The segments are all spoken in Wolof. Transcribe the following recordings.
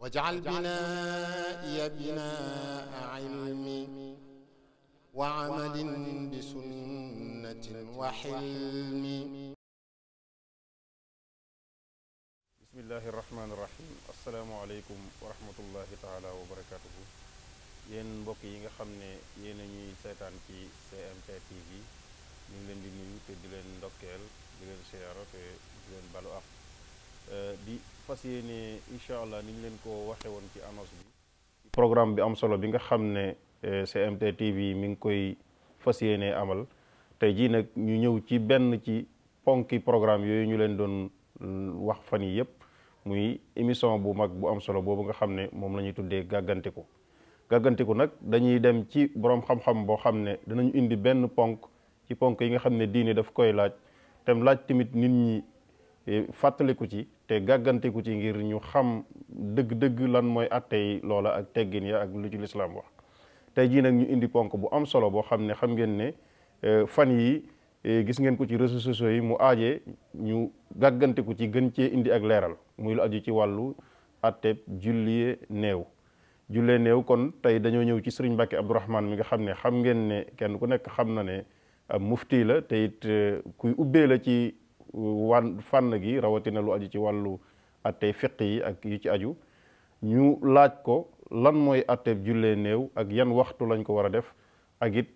واجعل بنائي بناء علم وعمل بسنة وحلم بسم الله الرحمن الرحيم السلام عليكم ورحمة الله تعالى mbokk yi nga xam ne yéen a ñuy seetaan fi GMT TV ñu ngi leen di nuyu te di leen ndokkeel di leen siyaara Euh, di fas yéene incha allah ni ñu leen ko waxe woon ci annonce bi programme bi am solo bi nga xam ne GMT euh, TV mi ngi koy fas yéene amal tey jii nag ñu ñëw ci benn ci ponki programme yooyu ñu leen doon euh, wax fan yi yëpp muy émission bu mag bu am solo boobu nga xam ne moom la ñuy tuddee gàggantiku gàggantiku nag dañuy dem ci boroom xam-xam boo xam ne danañu indi benn ponk ci ponk yi nga xam ne diine daf koy laaj tem laaj tamit nit ñi Eh, fàttaliku ci te gàgganteku ci ngir ñu xam dëgg-dëgg lan mooy attey loola ak teggin ya ak lu ci lislaam wax tey jii nag ñu indi ponk bu am solo boo xam ne xam ngeen ne eh, fan yi eh, gis ngeen ko ci réseaux sociaux yi mu aajee ñu gàggante ku ci gën cee indi ak leeral muy lu aju ci wàllu atteb jullee néew jullee néew kon tey dañoo ñëw ci sëriñ Mbàkke Abdourahman mi nga xam ne xam ngeen ne kenn ku nekk xam na ne ab mufti la te it kuy ubbee la ci wan fànn gi rawatina lu aju ci wàllu attey fiq yi ak yu ci aju ñu laaj ko lan mooy atteeb jullee néew ak yan waxtu lañ ko war a def ak it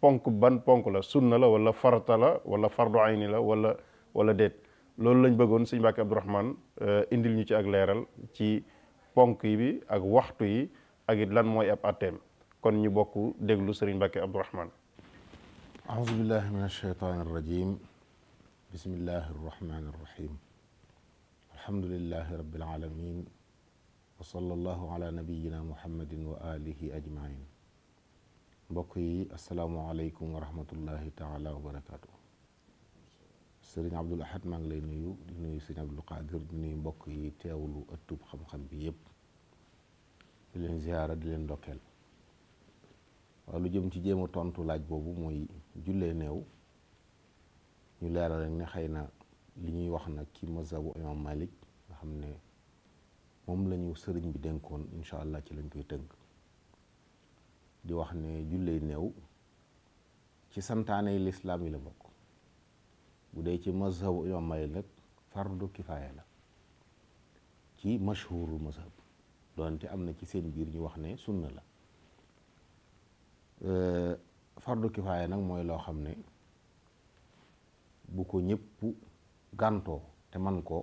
ponk ban ponk la sunna la wala farata la wala fardu ayni la wala wala déet loolu lañ bëggoon suñ sëñ Mbàkke Abdourahmane euh, indil ñu ci ak leeral ci ponk yi bi ak waxtu yi ak it lan mooy ab atteem kon ñu bokk déglu sëriñ Mbàkke Abdourahmane aouzu billahi min alsheytan arrajim bismillahi arrahmani irrahim alhamdulilahi rabilalamin wa sallallahu ala nabiyina muhammadin wa alihi ajmain mbokk yi asalaamualeykum wa rahmatullahi taala wa barakatuh sëriñ abdul ahad maa lay nuyu di nuyu sëriñ abdul qadir di nuyu mbokk yi teewlu ëttub xam-xam bi yépp di leen ziyaara di leen ndokkeel waaw lu jëm ci jéem tontu laaj boobu mooy jullee néew ñu leeral rek ne xëy na li ñuy wax nag ci mazhabu imam Malik nga xam ne moom lañu ñu sëriñ bi dénkoon incha allah ci lañ koy tënk di wax ne julley néew ci santaane lislaam yi la bokk bu dee ci mazhabu imam Malik nag fardu kifaaya la ci mashhurul mazhab doonte am na ci seen biir ñu wax ne sunna la fardu kifaaya nag mooy loo xam ne bu ko ñëpp gàntoo te man ko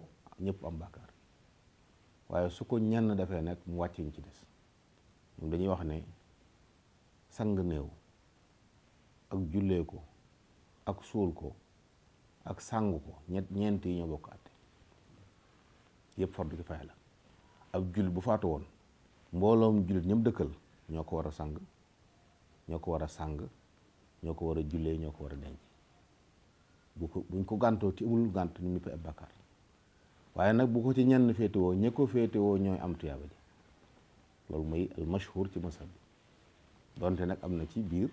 ñëpp am bàkkaar waaye su ko ñenn defee nag mu wàcc ñu ci des ñoom dañuy wax ne sang néew ak jullee ko ak suul ko ak sangu ko ñett ñeent yi ñoo bokk àtte yëpp fardu kifaaya la ab jullit bu faatu woon mbooloom jullit ñoom dëkkal ñoo ko war a sang ñoo ko war a sang ñoo ko war a jullee ñoo ko war a denc bu ko buñ ko gàntoo ci amul gànt ñu ñëpp ab bàkkaar waaye nag bu ko ci ñenn féetewoo ñi ko féetewoo ñooy am tuyaaba ji loolu mooy al mashhur ci masab bi donte nag am na ci biir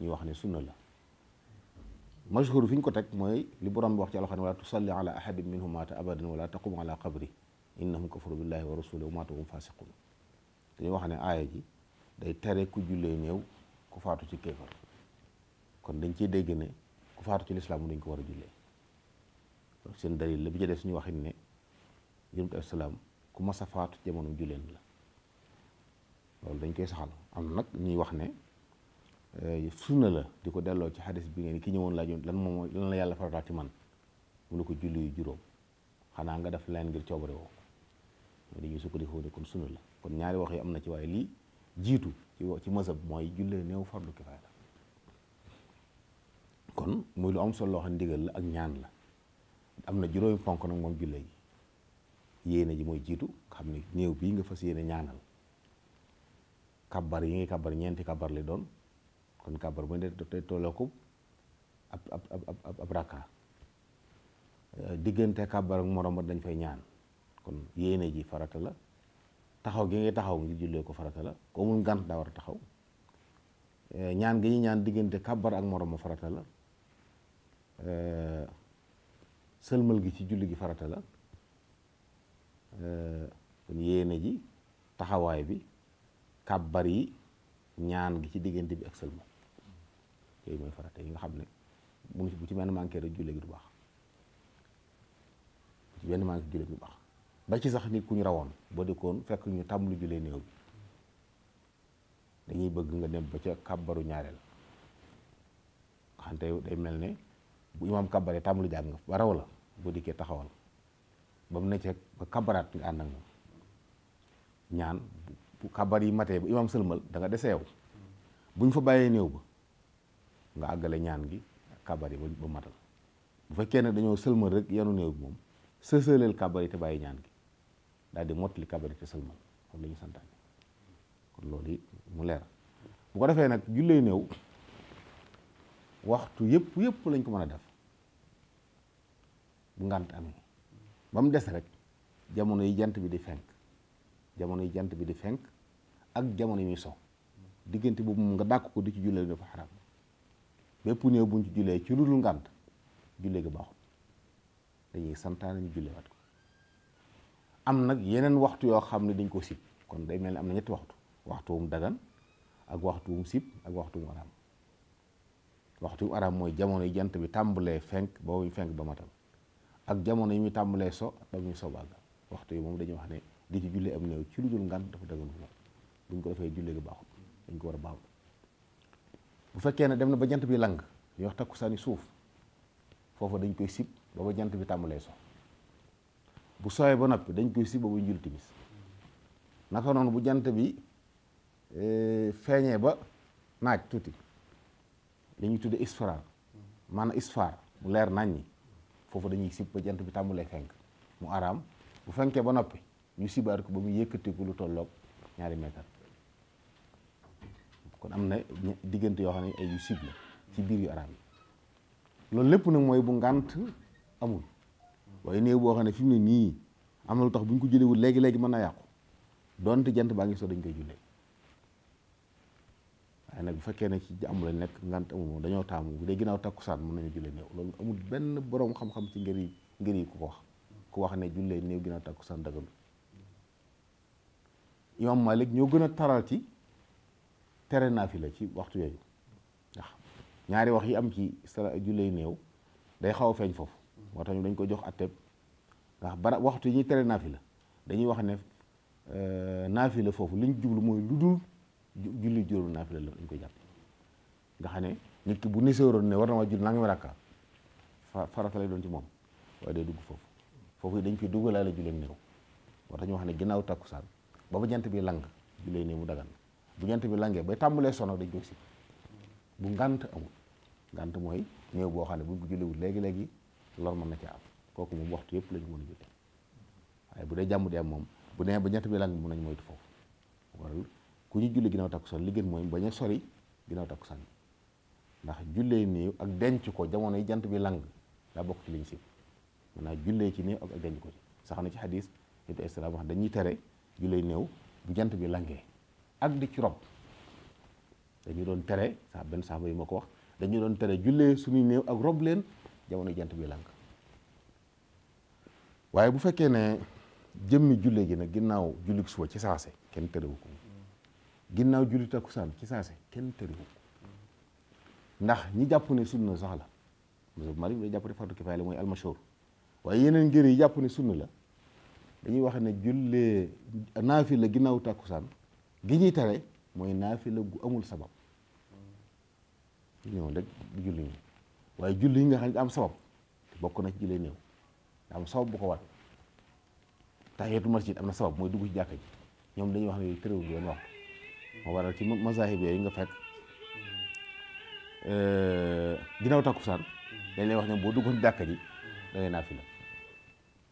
ñuy wax ne sunna la mashhur fi ñu ko teg mooy li borom bi wax ci alxuraan wala tusalli ala ahadin minhum maata abadan wala taqum ala qabri innahum kafaru billahi wa rasulihi wa maatu hum fasiqun dañuy wax ne aaya ji day tere ku jullee néew ku faatu ci kéefar kon dañ ciy dégg ne ku faatu ci lislaam dañ ko war a jullee donc seen dalil la bi ci des suñu waxin ne yonent bi ku mas a faatu jamono julleen la loolu dañ koy saxal am nag ñuy wax ne eh, sunna la di ko delloo ci xadis bi ngeen ki ñëwoon laa lan moom lan la yàlla farataat ci man mu ne ko julli yu juróom xanaa nga def leen ngir coobare woo mooy ko sukkandikoo ne kon sunna la kon ñaari wax yi am na ci waaye lii jiitu ci ci mazhab mooy jullee néew fardu kifaaya la kon muy lu am solo loo xam ndigal la ak ñaan la am na juróomi ponk nag moom jullit yi yéene ji mooy jiitu xam ne néew bii nga fas yéene ñaanal kabar yi ngay kabar ñeenti kabar li doon kon kabar bu ne te tolloo ko diggante kabar morom ba dañ fay ñaan kon yéene ji farata la taxaw gi ngay taxaw ngir jullee ko farata la ko amul ngant daa war a taxaw euh, ñaan gi ñu ñaan diggante kabar ak morom ma farata la Euh, sëlmal gi ci julli gi farata la euh, kon yéene ji taxawaay bi kàbbar yi ñaan gi ci diggante bi ak sëlmal yooyu mooy farata yi nga xam ne munu bu ci benn manqué rek julli gi du baax bu ci benn manqué julli gi du baax ba ci sax nit ku ñu rawoon ba dikkoon fekk ñu tàmbulu lu jullee néew bi dañuy bëgg nga dem ba ca kàbbaru ñaareel xante day mel ne bu imaam kabare tàmbali jàng nga ba raw la bu dikkee taxawal ba mu ne ba kabaraat nga ànd ak moom ñaan bu kabar yi matee bu imaam sëlmal da nga deseew bu fa bàyyee néew ba nga àggale ñaan gi kabar yi ba matal bu fekkee nag dañoo sëlmal rek yenu néew bi moom sësëleel kabar te bàyyi ñaan gi daal di mottali kabar yi te sëlmal moom kon loolu mu leer bu ko defee nag jullee néew waxtu yëpp yépp lañ ko mën a def bu ngànt amee ba mu des rek jamono yi jant bi di fenk jamono yi jant bi di fenk ak jamono yi muy sow diggante boobu moom nga dàkk ko di ci jullee dafa xaram bépp néew buñ ci jullee ci lu dul ngànt jullee ga baaxut dañuy santaane ñu waat ko am nag yeneen waxtu yoo xam ne dañ ko sib kon day mel ni am na ñetti waxtu waxtu wum dagan ak waxtu wum sib ak waxtu wum araam waxtu arab mooy jamono yi jant bi tàmbalee fenk ba muy fenk ba matal ak jamono yi muy tàmbalee so ba muy so bàgg waxtu yi moom dañuy wax ne di ci jullee am néew ci lu dul ngan dafa dëgg moom buñ ko defee jullee dañ ko a baaxut bu fekkee ne dem na ba jant bi lang ñu wax takkusaani suuf foofa dañ koy sib ba jant bi tàmbalee so bu sooyee ba noppi dañ koy sib ba buy naka noonu bu jant bi eh, feeñee ba naaj tuuti li ñuy tudde isfaraar maanaam isfaar mu leer naññi foofu dañuy sib ba jant bi tàmmulee fenk mu araam bu fenkee ba noppi ñu sibaar ko ba mu yëkkatiku lu tolloog ñaari meetar kon am na diggante yoo xam ne ay yu la ci biir yu araam yi loolu lépp nag mooy bu ngant amul waaye néew boo xam ne fi mu ne nii am na lu tax buñ ko ko jëlewul léegi-léegi mën na yàqu doonte jant baa ngi soo dañ koy jullee ay nag bu fekkee ne ci jàmm la nekk ngant amul moom dañoo taamu bu dee ginnaaw takkusaan mën nañu jullee néew loolu amul benn borom xam-xam ci ngir yi ngir yi ku ko wax ku wax ne jullee néew ginnaaw takkusaan daganul imam Malik ñoo gën a taral ci tere naafila ci waxtu yooyu ndax ñaari wax yi am ci sala jullee néew day xaw a feeñ foofu moo tax ñu dañ ko jox atteb ndax bara waxtu yi ñuy tere la dañuy wax ne naafi euh, naafila foofu liñ jublu mooy lu dul julli juróom naafila la dañ koy jàpp nga xam ne nit ki bu niseeroon ne war na ma julli nangami rakka farata lay doon ci moom waaye day dugg foofu foofu dañ koy duggalaale jullee néew war tax ñu wax ne ginnaaw takkusaan ba ba jant bi lang jullee néew mu dagan bu jant bi langee ba tàmbulee sono dañ koy si bu ngànt amul ngànt mooy néew boo xam ne buñ ko julliwul léegi-léegi lor mën na ci am kooku moom waxtu yëpp lañu mën a bu dee jàmm di moom bu nee ba jant bi lang mën nañ moytu foofu ku ñu julli ginnaaw takkusaan li gën mooy bañ a sori ginnaaw takkusaan ndax jullee néew ak denc ko jamono yi jant bi lang daa bokk ci liñ si maanaam jullee ci néew ak denc ko ci sax na ci xadis yonent islaam wax dañuy tere jullee néew jant bi langee ak di ci rob doon tere sax benn saxaaba yi ma ko wax dañu doon tere jullee suñuy néew ak rob leen jamono jant bi lang waaye bu fekkee ne jëmmi jullee ji nag ginnaaw jullik suba ci saase kenn terewu ko ginnaaw julli takkusaan ci saase kenn tëriwu ndax ñi jàpp ne sunna sax la mazhab ma day jàpp ne fardu kifaaya la mooy almashhur waaye yeneen ngir yi jàpp ne sunna la dañuy wax ne jullee naafila ginnaaw takkusaan gi ñuy tere mooy naafila gu amul sabab ñëwoon rek bu waaye julli yi nga xam am sabab bokk na ci jullee néew am sabab bu ko wat tahiyatul masjid am na sabab mooy dugg ci jàkka ji ñoom dañuy wax ne tëriwu bi doon wax moo waral ci mazahib yooyu nga fekk euh, ginnaaw takkusaan dañ lay wax ne boo duggoon jàkka ji da ngay naafila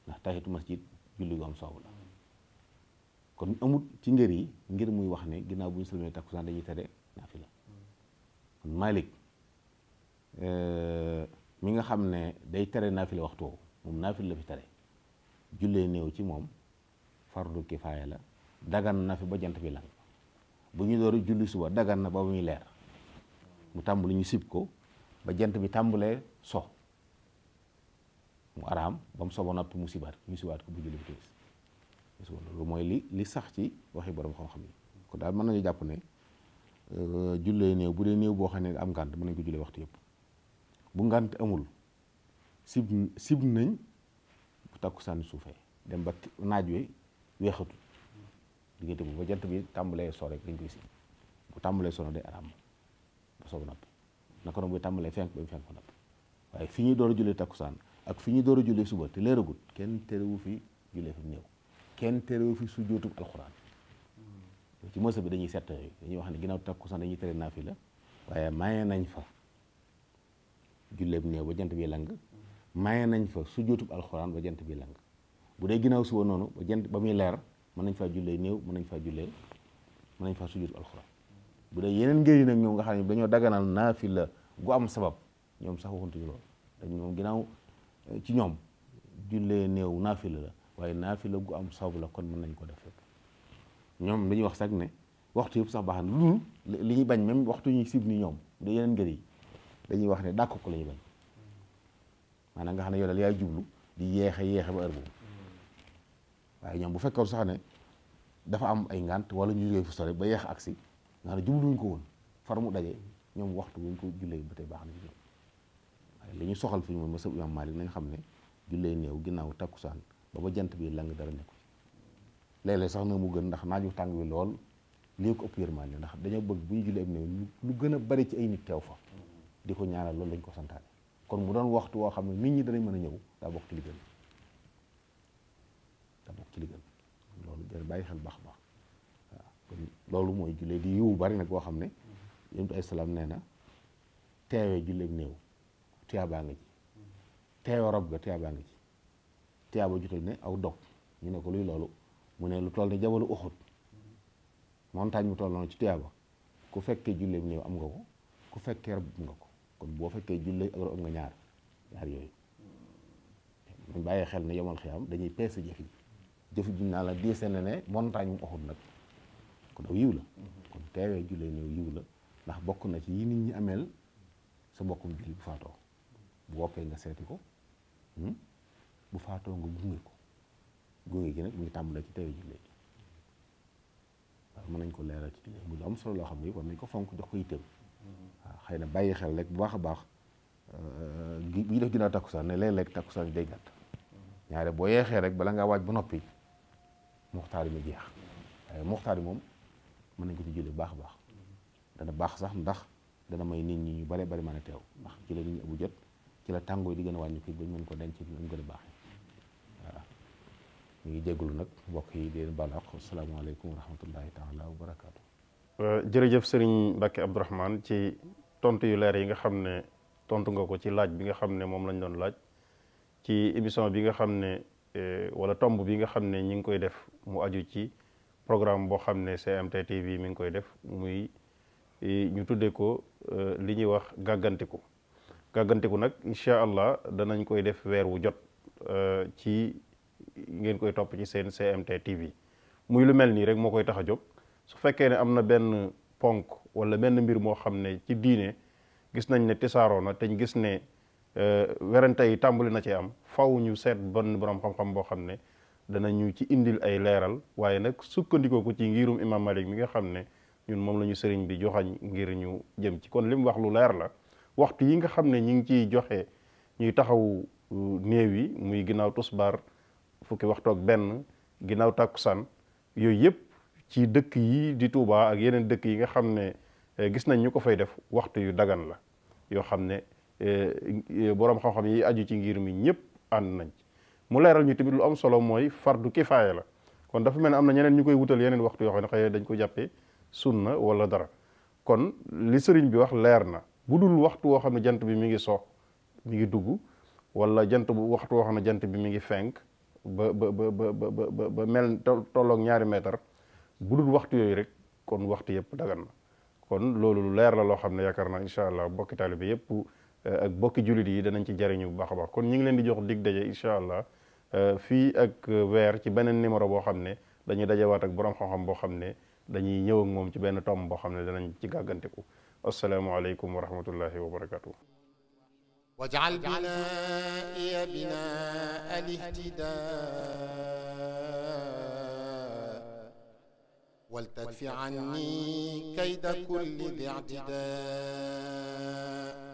ndax taxitu masjid julli gu am la kon amut ci ngër yi ngir muy wax ne ginnaaw bu ñu sëlmee takkusaan dañuy tere naafila kon Malik euh, mi nga xam ne day tere naafila waxtu woowu moom naafila la fi tere jullee néew ci moom fardu kifaaya la dagan na fi ba jant bi lang bu ñu door julli suba dagan na ba muy leer mu tàmbali ñu sib ko ba jant bi tàmbalee so mu araam ba mu soba noppi mu sibaat ñu sibaat ko bu julli bi timis loolu mooy li li sax ci waxi borom xam-xam yi kon daal mën nañu jàpp ne euh, jullee néew bu dee néew boo xam ne am ngànt mën nañ ko jullee waxtu yëpp bu ngànt amul sib sib nañ bu takku sànni suufee dem ba naaj wi weexatul diggante bu ba jant bi tàmbalee so rek dañ koy si bu tàmbalee so day araam ba soog nopp naka noonu bu tàmbalee fenk ba mu fenk fa nopp waaye fi ñuy door a jullee takkusaan ak fi ñuy door a jullee suba te leeragut kenn terewu fi jullee fi mu néew kenn terewu fi su jootub alxuraan ci mosa bi dañuy sett yooyu dañuy wax ne ginnaaw takkusaan dañuy tere naa fi la waaye maye nañ fa jullee bu néew ba jant bi lang maye nañ fa su jootub alxuraan ba jant bi lang bu dee ginnaaw suba noonu ba jant ba muy leer mën nañ faa jullee néew mën nañ faa jullee mën nañ faa sujud alxuraan bu dee yeneen ngëri nag ñoom nga xam ne dañoo daganal naafila gu am sabab ñoom sax waxuntuñu dañ moom ginnaaw eh, ci ñoom jullee néew naafila la waaye naafila gu am sabab la kon mën nañ ko def ñoom dañuy wax sax ne waxtu yëpp sax baax bañ même waxtu ñuy sib ni ñoom bu dee yi dañuy wax ne dàkk ko la ñuy bañ maanaam nga xam ne yow daal yaay jublu di yeexe yeexe ba heure waaye ñoom bu fekkoon sax ne dafa am ay ngànt wala ñu jógee fu sore ba yeex agsi nga xam ne ko woon far mu daje ñoom waxtu wuñ ko jullee ba baax na ñoom waaye soxal fi ñu mooy mësab imam Malik nañ xam ne jullee néew ginnaaw takkusaan ba ba jant bi lang dara nekku léeg-léeg sax na mu gën ndax naaju tàng bi lool lii ko ëpp yërmande ndax dañoo bëgg bu ñu jullee ab néew lu gën a bari ci ay nit teew fa di ko ñaanal loolu lañ ko santaan kon mu doon waxtu woo xam ne nit ñi danañ mën a ñëw daa bokk ci li te ci li loolu jar bàyyi xel baax baax waaw kon loolu mooy jullee di yiwu bari nag boo xam ne yonent ay salaam nee na teewee julleeg néew tiyaabaa nga ci teewa rob ga tiyaabaa ci tiyaaba jutal ne aw dog ñu ne ko luy loolu mu ne lu toll ne jabalu uxut montagne mu toll ci tiyaaba ku fekkee julleeg néew am nga ku fekkee rob nga ko boo fekkee julleeg ak rob nga ñaar ñaar yooyu ñu bàyyi xel ne yomal xiyaam dañuy peese jëf jëf juñ naa la diise na ne montagne mu oxut nag kon aw yiw la kon teewee jullee néew yiw la ndax bokk na ci yi nit ñi ameel sa mbokkum julli bu faatoo bu woppee nga seeti ko hmm? bu faatoo nga gunge ko gunge gi nag mu ngi tàmbalee ci teewee jullee gi waaw mën nañ ko leeral ci jullee mu lu am solo loo xam ne war nañ ko fonk jox ko yitteem waaw xëy na bàyyi xel rek bu baax a baax euh, gi bu ñu def ginnaaw takkusaan ne léeg-léeg takkusaan day gàtt ñaare boo yeexee rek bala ngaa ba noppi muxtaar yi mu jeex waaye muxtaar yi moom mën nañ ko ci jëlee baax baax dana baax sax ndax dana may nit ñi ñu bare bari mën a teew ndax ci la nit ñi jot ci la tàngooy di gën a wàññi ko bañ mën ko denc ci ñu gën a baax mu ñu ngi jégalu nag mbokk yi di leen balaax asalaamaaleykum wa rahmatullahi taala wa barakaatu. Euh, jërëjëf sëriñ Mbacke Abdourahmane ci tontu yu leer yi nga xam ne tontu nga ko ci laaj bi nga xam ne moom lañ doon laaj ci émission bi nga xam ne. Euh, wala tomb bi nga xam ne ñi ngi koy def mu aju ci programme boo xam ne GMT TV mi ngi koy def muy e, ñu tuddee ko euh, li ñuy wax gàggantiku gàggantiku nag incha allah danañ koy def weer wu jot euh, ci ngeen koy topp ci seen GMT TV muy lu mel nii rek moo koy tax a jóg su fekkee ne am na benn ponk wala benn mbir moo xam ne ci diine gis nañ ne tisaaroo na te ñu gis ne Euh, werante yi tàmbali na ci am faw ñu seet bon borom xam-xam boo xam ne danañu ci indil ay leeral waaye nag sukkandikoo ko ci ngirum imam malik mi nga xam ne ñun moom la ñu sëriñ bi joxañ ngir ñu jëm ci kon li wax lu leer la waxtu yi nga xam ne ñi ngi ciy joxe ñuy taxaw euh, néew yi muy ginnaaw tusbaar fukki waxtu benn ginnaaw tàkkusaan yooyu yëpp ci dëkk yi di Touba yeneen dëkk yi nga xam ne euh, gis nañ ñu ko fay def waxtu yu dagan la yoo xam ne Euh, euh, borom xam-xam yi aju ci ngir mi ñëpp ànd nañ mu leeral ñu tamit lu am solo mooy far fardu kifaaya la kon dafa mel ne am na ñeneen ñu koy wutal yeneen waxtu yoo xam ne xëy dañ ko jàppee sunna wala dara kon li sëriñ bi wax leer na bu dul waxtu woo xam ne jant bi mi ngi so mi ngi dugg wala jant bu waxtu woo xam jant bi mi ngi fenk ba ba ba ba ba mel tolloog ñaari mètre bu dul waxtu yooyu rek kon waxtu yëpp dagan na kon loolu leer la loo xam ne yaakaar naa incha allah bokki taalibe yëpp Euh, ak bokki jullit yi danañ ci jariñu bu bax a kon ñu ngi leen di jox dig daje incha allah euh, fii ak euh, weer ci beneen numéro boo xam ne dañuy dajewaat ak borom xam-xam boo xam ne dañuy ñëw moom ci benn tomb boo xam ne danañ ci gàgganteku asalaamualeykum ko rahmatullahi wa barakatuh واجعل بنائي بناء الاهتداء ولتدفع عني كيد كل ذي اعتداء